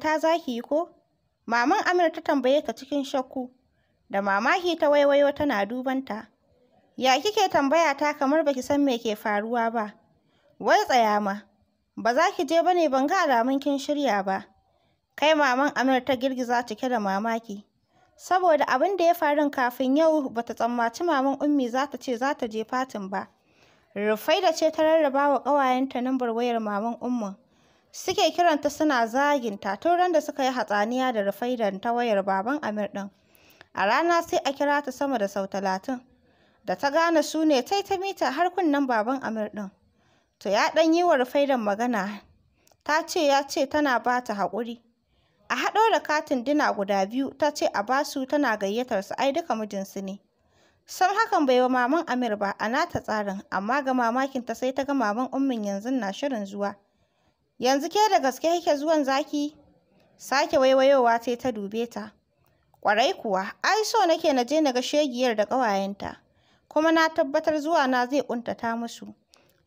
fita za ki yi ko? Maman Amir ta tambaye ka cikin shakku. Da mamaki ta waiwayo tana dubanta. Ya kike tambaya ta kamar baki san me ke faruwa ba? Wai tsaya ma. Ba za ki je ba ne ban ga alamun kin shirya ba. Kai maman Amir ta girgiza cike da mamaki. Saboda abin da ya faru kafin yau ba ta tsammaci maman Ummi za ta ce za ta je fatin ba. Rufa'i da ce ta rarraba wa ƙawayenta nambar wayar maman Ummin. suke kiranta suna zaginta tun ran da suka yi hatsaniya da rufaidan ta wayar baban amir ɗin a rana sai a kira ta sama da sau talatin da ta gane su ne tai ta mita har kunnen baban amir ɗin to ya ɗan yi wa rufaidan magana ta ce ya ce tana ba ta haƙuri a haɗo da katin dina guda biyu ta ce a basu tana gayyatar su ai duka mijinsu ne sam hakan bai wa maman amir ba a nata tsarin amma ga mamakinta sai ta ga maman ummin yanzu na shirin zuwa yanzu ke da gaske yake zuwan zaki sake waiwayowa sai ta dube ta ƙwarai kuwa ai so nake na je na ga shegiyar da ƙawayenta kuma na tabbatar zuwa na zai ƙuntata musu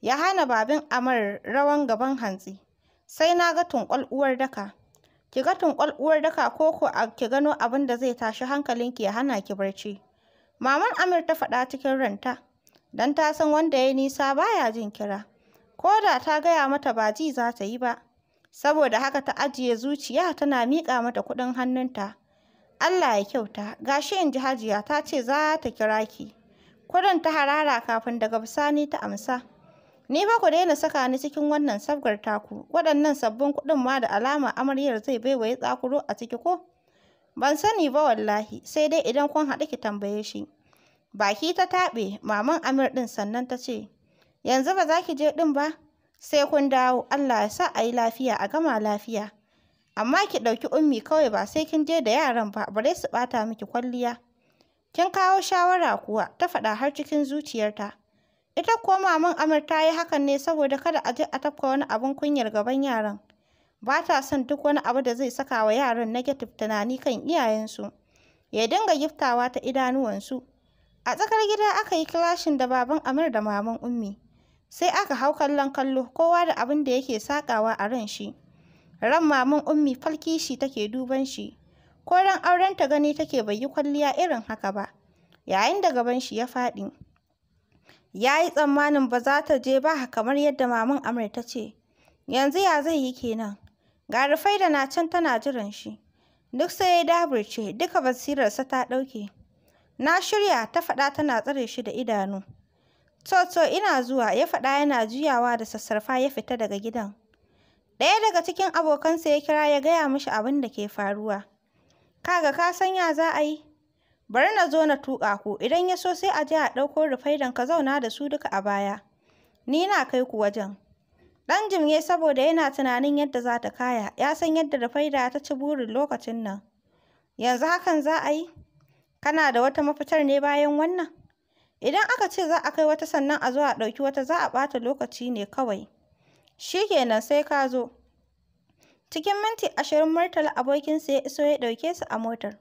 ya hana babin amar rawan gaban hantsi sai na ga tunƙwal uwar daka ki ga tunƙwal uwar daka ko ko ki gano abin da zai tashi hankalinki ya hana ki barci maman amir ta faɗa cikin ranta Dan ta san wanda ya nisa baya jin kira ko da ta gaya mata ba ji za ta yi ba. Saboda haka ta ajiye zuciya tana miƙa mata kuɗin hannunta. Allah ya kyauta, gashi in ji Hajiya ta ce za ta kira ki. Kudin ta harara kafin daga bisani ta amsa. Ni ba ku daina saka ni cikin wannan sabgar taku, waɗannan sabbin kuɗin ma da alama amaryar zai baiwa ya tsakuro a ciki ko? Ban sani ba wallahi, sai dai idan kun haɗu ki tambaye shi. Baki ta taɓe, maman Amir ɗin sannan ta ce, Yanzu ba za ki je ɗin ba? Sai kun dawo, Allah ya sa a yi lafiya a gama lafiya. Amma ki ɗauki ummi kawai ba sai kin je da yaran ba, bare su ɓata miki kwalliya. Kin kawo shawara kuwa, ta faɗa har cikin zuciyarta. Ita kuwa maman Amir ta yi hakan ne saboda kada a je a tafka wani abin kunyar gaban yaran. Ba ta son duk wani abu da zai saka wa yaran negative tunani kan iyayensu. Ya dinga giftawa ta idanuwansu. A tsakar gida aka yi kilashin da baban Amir da maman Ummi. sai aka hau kallon kallo kowa da abin da yake sakawa a ran shi ran maman ummi falkishi take duban shi ko ran auren ta gani take bai yi kwalliya irin haka ba yayin da gaban shi ya faɗi ya yi tsammanin ba za ta je ba kamar yadda maman amir ta ce yanzu ya zai yi kenan ga da na can tana jiran shi duk sai ya daburce duka basirarsa ta ɗauke na shirya ta faɗa tana tsare shi da idanu To, ina zuwa, ya faɗa yana juyawa da sassarfa ya fita daga gidan. Ɗaya daga cikin abokansa ya kira ya gaya mishi abin da ke faruwa. Kaga ka san ya za a yi? Bari na zo na tuƙa ku, idan ya so sai a je a ɗauko rufaidan ka zauna da su duka a baya. Ni na kai ku wajen. Ɗan jimge saboda yana tunanin yadda za ta kaya, ya san yadda rufaida ta ci burin lokacin nan. Yanzu hakan za a yi? Kana da wata mafitar ne bayan wannan? Idan aka ce za a kai wata sannan a zo a ɗauki wata za a ɓata lokaci ne kawai. Shi kenan sai ka zo. Cikin minti ashirin Murtala abokinsa ya iso ya ɗauke su a motar.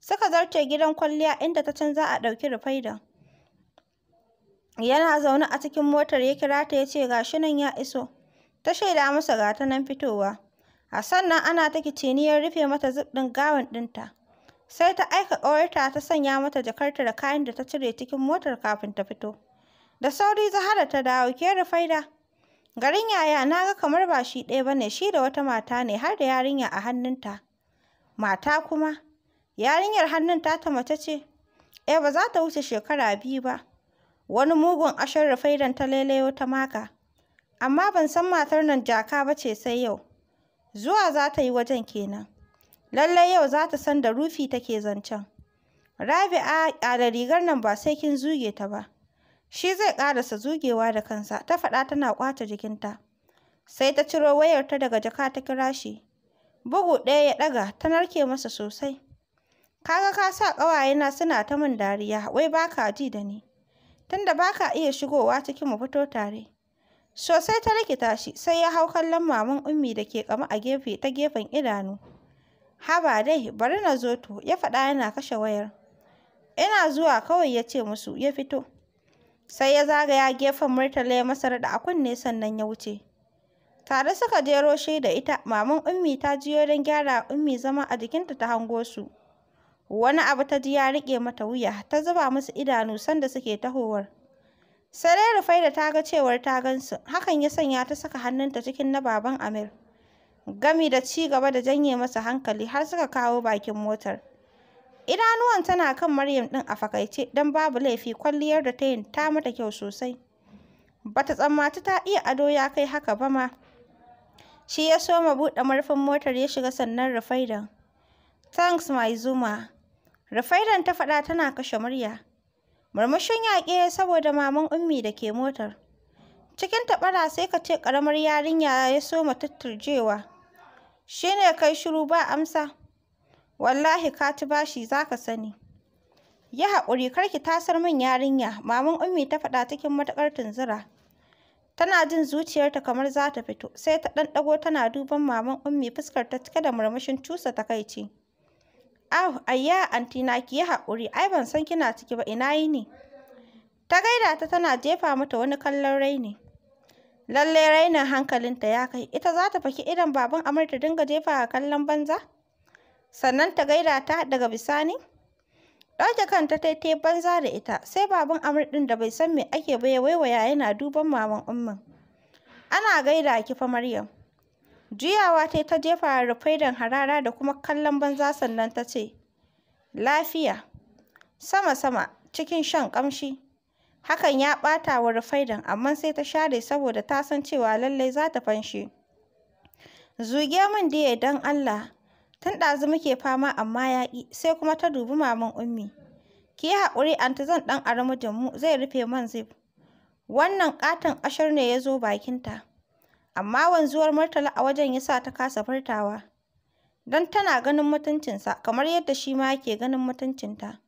Suka zarce gidan kwalliya inda ta can za a ɗauki rufaida. Yana zaune a cikin motar ya kira ta ya ce ga shi nan ya iso. Ta shaida masa ga ta nan fitowa. A sannan ana ta kiciniyar rufe mata zub ɗin gawan ɗinta. sai ta aika ƙawarta ta sanya mata jakarta da kayan da ta cire cikin motar kafin ta fito. Da sauri Zahara ta dawo, ke Rufaida. Garin yaya na ga kamar ba shi ɗaya bane, shi da wata mata ne har da yarinya a hannunta. Mata kuma, yarinyar hannun ta ta mace ce, eh ba za ta wuce shekara biyu ba. Wani mugun ashar Rufaidan ta lailayo ta maka. Amma ban san matar nan jaka ba ce sai yau. Zuwa za ta yi wajen kenan. Lallai yau za ta san da Rufi take zancen. Rabi'a da rigar nan ba sai kin zuge ta ba. Shi zai ƙarasa zugewa da kansa, ta faɗa tana ƙwace jikinta. Sai ta ciro wayarta daga jaka ta kira shi. Bugu ɗaya ya ɗaga, ta narke masa sosai. Kaga ka sa ƙawayena suna ta min dariya, wai ba ka ji da ni. Tunda ba ka iya shigowa cikin mu fito tare. Sosai ta rikita shi, sai ya hau kallon maman Ummi da ke ƙama a gefe ta gefen idanu. haba dai bari na zo to ya faɗa yana kashe wayar ina zuwa kawai ya ce musu ya fito sai ya zagaya gefen murtala ya masa da a kunne sannan ya wuce tare suka jero shi da ita maman ummi ta jiyo don gyara ummi zama a jikinta ta hango su wani abu ta ji ya riƙe mata wuya ta zuba musu idanu sanda suke tahowar sai dai rufai da ta ga cewar ta gansu hakan ya sanya ta saka hannunta cikin na baban amir gami da ci gaba da janye masa hankali har suka kawo bakin motar. Idanuwan tana kan Maryam din a fakaice don babu laifi kwalliyar da ta yi ta mata kyau sosai. Bata tsammaci ta iya ado ya kai haka ba ma. Shi ya soma buɗe murfin motar ya shiga sannan Rufaidan. Thanks my Zuma. Rufaidan ta faɗa tana kashe murya. Murmushin yaƙe saboda maman Ummi da ke motar. Cikin taɓara sai ka ce ƙaramar yarinya ya soma jewa. Shi ne kai shiru ba amsa? Wallahi ka ci bashi za ka sani. Yi haƙuri kar ki tasar min yarinya, maman Ummi ta faɗa cikin matuƙar tunzura. Tana jin zuciyarta kamar za ta fito, sai ta ɗan ɗago tana duban maman Ummi fuskar ta cike da murmushin cusa takaici. Aw, ayya anti na ki yi haƙuri, ai ban san kina ciki ba ina yi ne. Ta gaida ta tana jefa mata wani kallon raini. Lallai rainin hankalinta ya kai, ita za ta faki idan baban amur ta dinga jefa a kallon banza? Sannan ta gaida ta daga bisani? Ɗauke kanta ta taite banza da ita, sai baban amur ɗin da bai san me ake ba ya waiwaya yana duban maman ummin. Ana gaida ki fa Maryam. Juyawa ta ta jefa don harara da kuma kallon banza sannan ta ce, Lafiya, sama-sama, cikin shan ƙamshi. Hakan ya ɓata wa Rufaidan, amma sai ta share saboda ta san cewa lallai za ta fanshe. Zuge min diya don Allah, tun ɗazu muke fama amma ya ƙi, sai kuma ta dubi maman Ummi. Ki yi haƙuri anti zan ɗan ari mu zai rufe man zif Wannan ƙaton ashar ne ya zo bakinta. Amma wanzuwar Murtala a wajen ya sa ta kasa furtawa. Don tana ganin mutuncinsa kamar yadda shi ma yake ganin mutuncinta.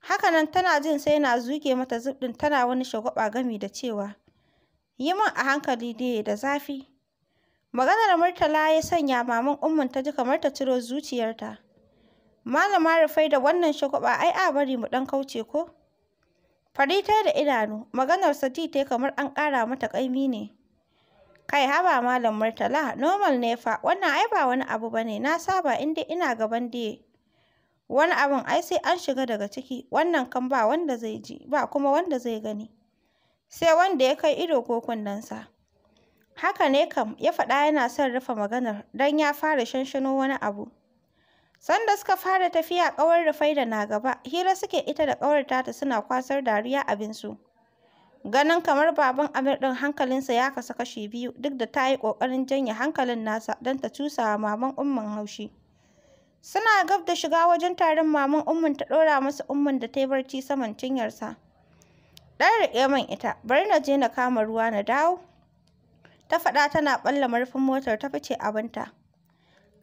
Haka nan tana jin sai na zuge mata zub ɗin tana wani shagwaba gami da cewa, yi min a hankali dai da zafi. Maganar Murtala ya sanya maman Umman ta ji kamar ta ciro zuciyarta. Malama Rufai da wannan shagwaba ai a bari mu ɗan kauce ko? Fari ta da idanu, maganar Sati ta kamar an ƙara mata ƙaimi ne. Kai haba Malam Murtala, normal ne fa, wannan ai ba wani abu bane, na saba inda ina gaban dai Wani abin ai sai an shiga daga ciki, wannan kan ba wanda zai ji, ba kuma wanda zai gani. Sai wanda ya kai ido ko kunnensa. Haka ne kam, ya faɗa yana son rufe maganar don ya fara shanshano wani abu. Sanda suka fara tafiya ƙawar da na gaba, hira suke ita da ƙawar tata suna kwasar dariya abinsu. Ganin kamar baban Amir ɗin hankalinsa ya kasa kashi biyu duk da ta yi ƙoƙarin janye hankalin nasa don ta cusa wa maman Umman haushi. Suna gab da shiga wajen taron maman ummin ta ɗora masa ummin da ta yi barci saman cinyarsa. Ɗan riƙe man ita, bari na je na kama ruwa na dawo. Ta faɗa tana ɓalla murfin motar ta fice abinta.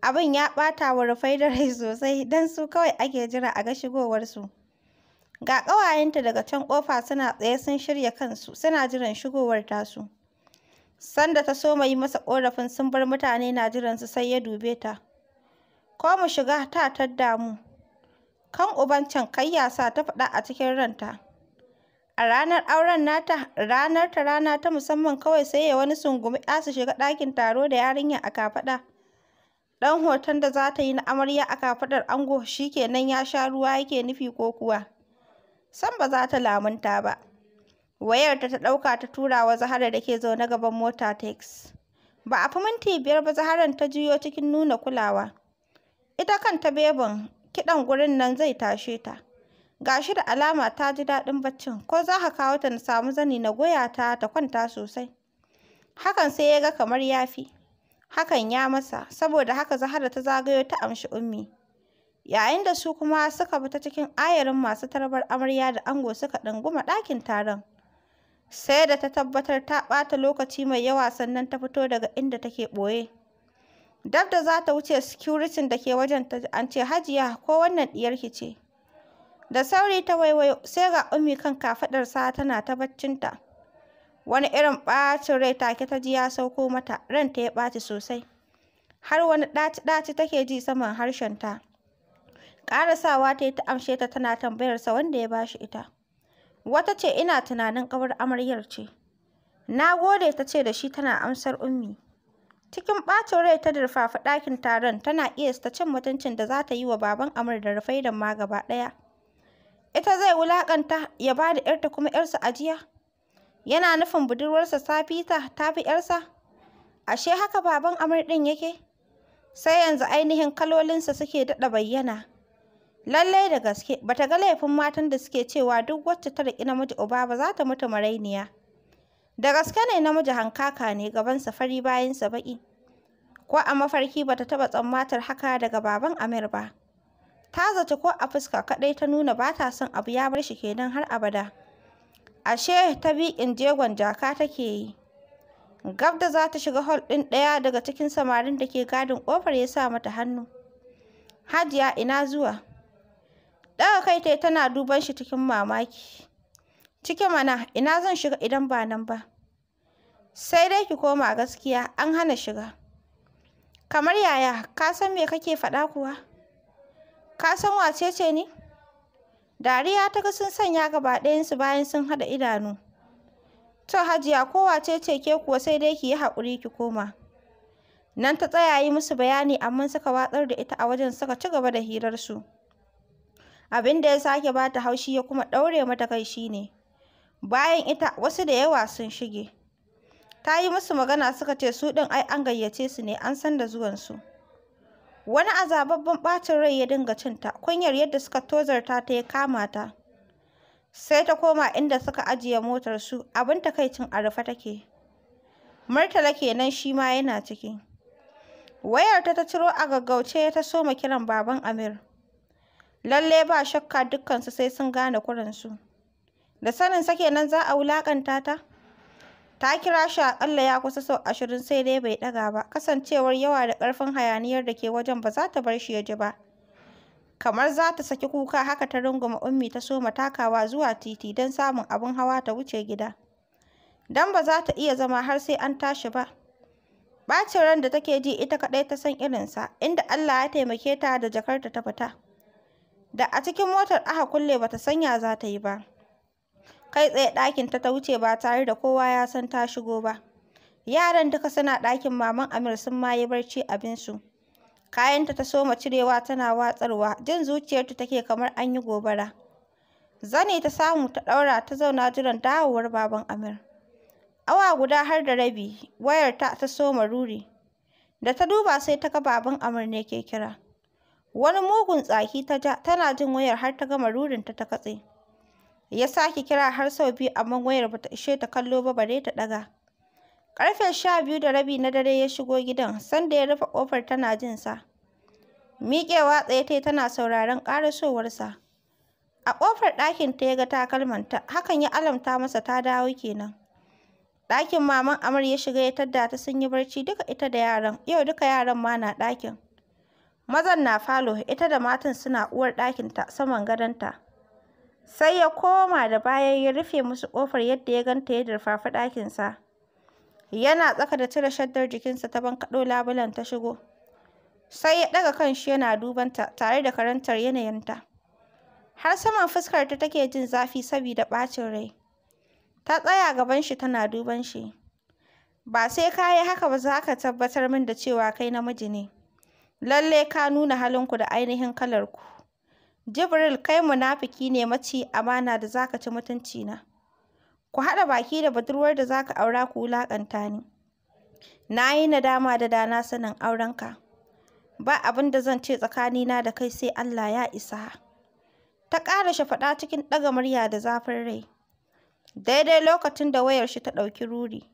Abin ya ɓata wa Rufai da rai sosai don su kawai ake jira a ga shigowarsu. Ga ƙawayenta daga can ƙofa suna tsaye sun shirya kansu suna jiran shigowar tasu. Sanda ta so yi masa ƙorafin sun bar mutane na jiransu sai ya dube ta. ko mu shiga ta ta damu. Kan uban can ya sa ta faɗa a cikin ranta. A ranar auren nata, ranar ta rana ta musamman kawai sai ya wani sungumi ya su shiga ɗakin taro da yarinya a kafaɗa. Ɗan hoton da za ta yi na amarya a kafaɗar ango shi kenan ya sha ruwa yake nufi ko kuwa. San ba za ta lamunta ba. Wayarta ta ɗauka ta tura wa Zahara da ke zaune gaban mota tex. Ba a fi minti biyar ba Zaharan ta juyo cikin nuna kulawa. Ita kanta bebin kiɗan gurin nan zai tashe ta. gashi da alama ta ji daɗin baccin, ko za ka kawo ta na samu zani na goya ta ta kwanta sosai. Hakan sai ya ga kamar ya fi. Hakan ya masa, saboda haka zahara ta zagayo ta amshi Ummi. Yayin da su kuma suka fita cikin ayarin masu tarbar amarya da ango suka ɗinguma ɗakin taron. Sai da ta tabbatar ta ɓata lokaci mai yawa sannan ta fito daga inda take ɓoye. dab da za ta wuce sikuritin da ke wajen ta an ce hajiya ko wannan diyarki ce da sauri ta waiwayo sai ga ummi kan sa tana ta baccinta wani irin bacin rai take ta ji ya sauko mata ran ta ya ɓaci sosai har wani ɗaci-ɗaci take ji saman harshen ta? ƙarasawa ta yi ta amshe ta tana tambayar sa wanda ya bashi ita wata ce ina tunanin ƙawar amaryar ce na gode ta ce da shi tana amsar ummi Cikin ɓacin rai ta durfafa ɗakin taron tana iya ta cin mutuncin da za ta yi wa baban Amur da Rufaidan ma gaba ɗaya. Ita zai wulaƙanta ya ba da ‘yarta kuma ‘yarsa ajiya. Yana nufin budurwarsa Safita ta fi ‘yarsa. Ashe haka baban Amur ɗin yake? Sai yanzu ainihin kalolinsa suke daɗa bayyana. Lallai da gaske, bata ga laifin matan da suke cewa duk wacce ta riƙi namiji uba ba za ta mutu marainiya. Da gaske ne namiji hankaka ne gabansa fari bayansa baƙi. Ko a mafarki bata ta taɓa tsammatar haka daga baban Amir ba. Ta zata ko a fuska kaɗai ta nuna ba ta son abu ya bar shi kenan har abada. Ashe ta bi in jegon jaka take yi. Gab da za ta shiga hol ɗin ɗaya daga cikin samarin da ke gadin ƙofar ya sa mata hannu. Hajiya ina zuwa? Ɗaga kai tai tana duban shi cikin mamaki. Cike mana, ina zan shiga idan ba nan ba? Sai dai ki koma gaskiya, an hana shiga. Kamar yaya, ka san me kake faɗa kuwa? Ka san wacece ni? Dariya ta ga sun sanya gaba ɗayansu bayan sun haɗa idanu. To Hajiya ko wacece ke kuwa sai dai ki yi haƙuri ki koma. Nan ta tsaya yi musu bayani amma suka watsar da ita a wajen suka ci gaba da hirarsu. Abin da ya sake ba ta haushi ya kuma ɗaure mata kai shine bayan ita wasu da yawa sun shige ta yi musu magana suka ce su ɗin ai an gayyace su ne an san da zuwansu wani azababban ɓacin rai ya dinga cinta kunyar yadda suka tozarta ta ya kama ta sai ta koma inda suka ajiye motar su abin takaicin a rufe take murtala kenan shi ma yana ciki wayarta ta ciro a gaggauce ta soma kiran baban amir lalle ba shakka dukkansu sai sun gane kuransu da sanin sa kenan za a wulakanta ta ta kira shi aƙalla ya kusa sau ashirin sai dai bai ɗaga ba kasancewar yawa da ƙarfin hayaniyar da ke wajen ba za ta bar shi ya ji ba kamar za ta saki kuka haka ta runguma ummi ta soma takawa zuwa titi don samun abin hawa ta wuce gida don ba za ta iya zama har sai an tashi ba ɓacin ran da take ji ita kaɗai ta san irinsa inda allah ya taimake ta da jakarta ta fita da a cikin motar aka kulle bata sanya za ta yi ba kai tsaye ɗakin ta ta wuce ba tare da kowa ya san ta shigo ba. Yaran duka suna ɗakin maman Amir sun ma yi barci abinsu. Kayanta ta soma cirewa tana watsarwa, jin zuciyarta take kamar an yi gobara. Zani ta samu ta ɗaura ta zauna jiran dawowar baban Amir. Awa guda har da rabi, wayarta ta soma ruri. Da ta duba sai ta ga baban Amir ne ke kira. Wani mugun tsaki ta ja, tana jin wayar har ta gama rurin ta ta katse. Ya sake kira har sau biyu amma wayar bata ishe ta kallo ba bare ta ɗaga. karfe sha biyu da rabi na dare ya shigo gidan sanda ya rufe kofar tana jin sa. Miƙewa tsaye ta tana sauraron sa A ƙofar ɗakin ta ya ga takalmanta, hakan ya alamta masa ta dawo kenan. Ɗakin maman Amar ya shiga ya tadda ta sun yi barci duka ita da yaran, yau duka yaran ma na ɗakin. Mazan na falo, ita da matan suna uwar ɗakinta saman gadonta. Sai ya koma da baya ya rufe musu ƙofar yadda ya ganta ya durfafi ɗakinsa. Yana tsaka da cire shaddar jikinsa ta bankaɗo labulen ta shigo. Sai ya ɗaga kanshi yana dubanta tare da karantar yanayinta. Har saman fuskar ta take jin zafi saboda ɓacin rai. Ta tsaya gaban shi tana duban shi. Ba sai ka yi haka ba za ka tabbatar min da cewa kai namiji ne. Lallai ka nuna halinku da ainihin kalarku. Jibril kai munafiki ne maci amana da zaka ci mutunci na Ku haɗa baki da budurwar da zaka aura ku wulaƙanta ni. Na yi nadama da dana sanin aurenka. Ba abin da zan ce tsakani na da kai sai Allah ya isa. Ta ƙara shi faɗa cikin ɗaga murya da zafin rai. Daidai lokacin da wayar shi ta ɗauki ruri.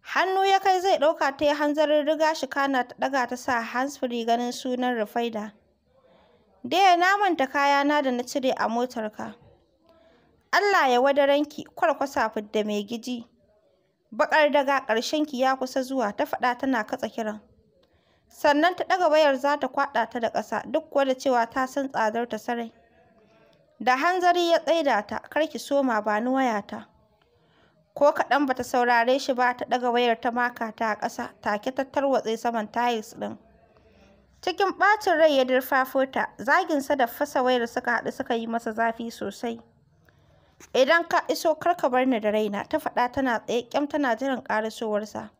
Hannu ya kai zai ɗauka ta yi hanzarin riga shi kana ta ɗaga ta sa hansfiri ganin sunan Rufaida. Daya na manta kayana da na cire a motarka. Allah ya wadaranki kwarkwasa fidda mai giji. Baƙar daga ƙarshenki ya kusa zuwa ta faɗa tana katsa kiran. Sannan ta ɗaga wayar za ta kwaɗa ta da ƙasa duk wanda cewa ta san tsadar ta sarai. Da hanzari ya tsaida ta kar ki soma ba ni wayata. Ko kaɗan bata saurare shi ba ta ɗaga wayar ta maka ta a ƙasa take ta tarwatse saman tayils ɗin. Cikin ɓacin rai ya durfafo ta, zaginsa da fasa wayar suka haɗu suka yi masa zafi sosai. Idan ka iso kar ka bar ni da raina, ta faɗa tana tsaye kyam tana jiran ƙarasowarsa.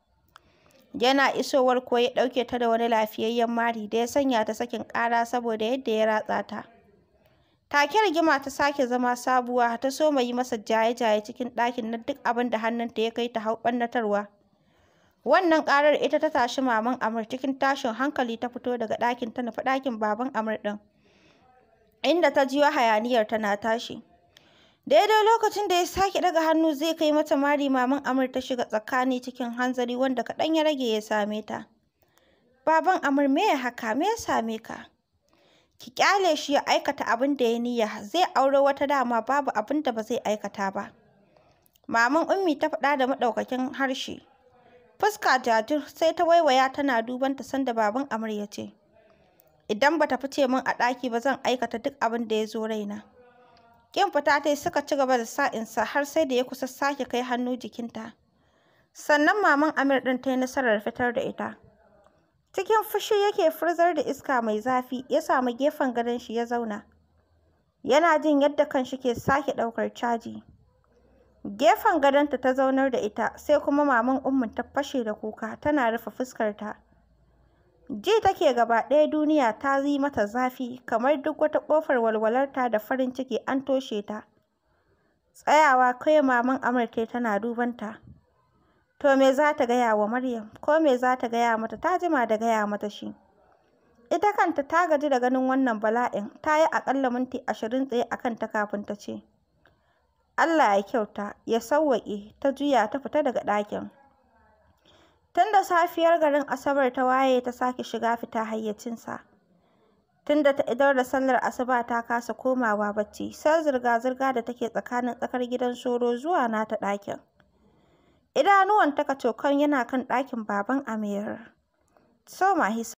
Yana isowar ko ya ɗauke ta da wani lafiyayyen mari da ya sanya ta sakin ƙara saboda yadda ya ratsa ta. Take rigima ta sake zama sabuwa ta soma yi masa jaye-jaye cikin ɗakin na duk abin da hannunta ya kai ta hau ɓannatarwa. Wannan ƙarar ita ta tashi maman Amr cikin tashin hankali ta fito daga ɗakin ta nufi ɗakin baban Amr ɗin, inda ta jiyo hayaniyar tana tashi. Daidai lokacin da ya sake daga hannu zai kai mata mari maman Amr ta shiga tsakani cikin hanzari wanda kaɗan ya rage ya same ta. Baban Amr me ya haka me ya same ka? Ki kyale shi ya aikata abin da ya niyya zai aure wata dama babu abin da ba zai aikata ba. Maman Ummi ta faɗa da maɗaukakin harshe. Fuska jajir sai ta waiwaya tana duban ta sanda baban amarya ya ce, Idan bata fice min a ɗaki ba zan aikata duk abin da ya zo raina. Kin fita tai suka ci gaba da sa sa'insa har sai da ya kusa sake kai hannu jikinta. Sannan maman Amir din ta yi nasarar fitar da ita. Cikin fushi yake furzar da iska mai zafi ya samu gefen gadon shi ya zauna. Yana jin yadda kan shi ke sake ɗaukar caji. Gefen gadonta ta zaunar da ita, sai kuma maman ummin ta fashe da kuka, tana rufe fuskarta. Ji take gaba ɗaya duniya ta yi mata zafi, kamar duk wata ƙofar walwalarta da farin ciki an toshe ta. Tsayawa kai maman Amurka tana dubanta. To me za ta gaya wa Maryam, ko me za ta gaya mata, ta jima da gaya mata shi. Ita kanta ta gaji da ganin wannan bala'in, ta yi aƙalla minti ashirin tsaye a kanta kafin ta ce. Allah ya kyauta, ya sawwaƙe, ta juya ta fita daga ɗakin. Tun da safiyar garin Asabar ta waye ta sake shiga fita hayyacinsa. Tun da ta idar da sallar asuba ta kasa komawa bacci, sai zirga-zirga da take tsakanin tsakar gidan Soro zuwa nata ɗakin. Idanuwan ta yana kan ɗakin baban Amir. soma hisa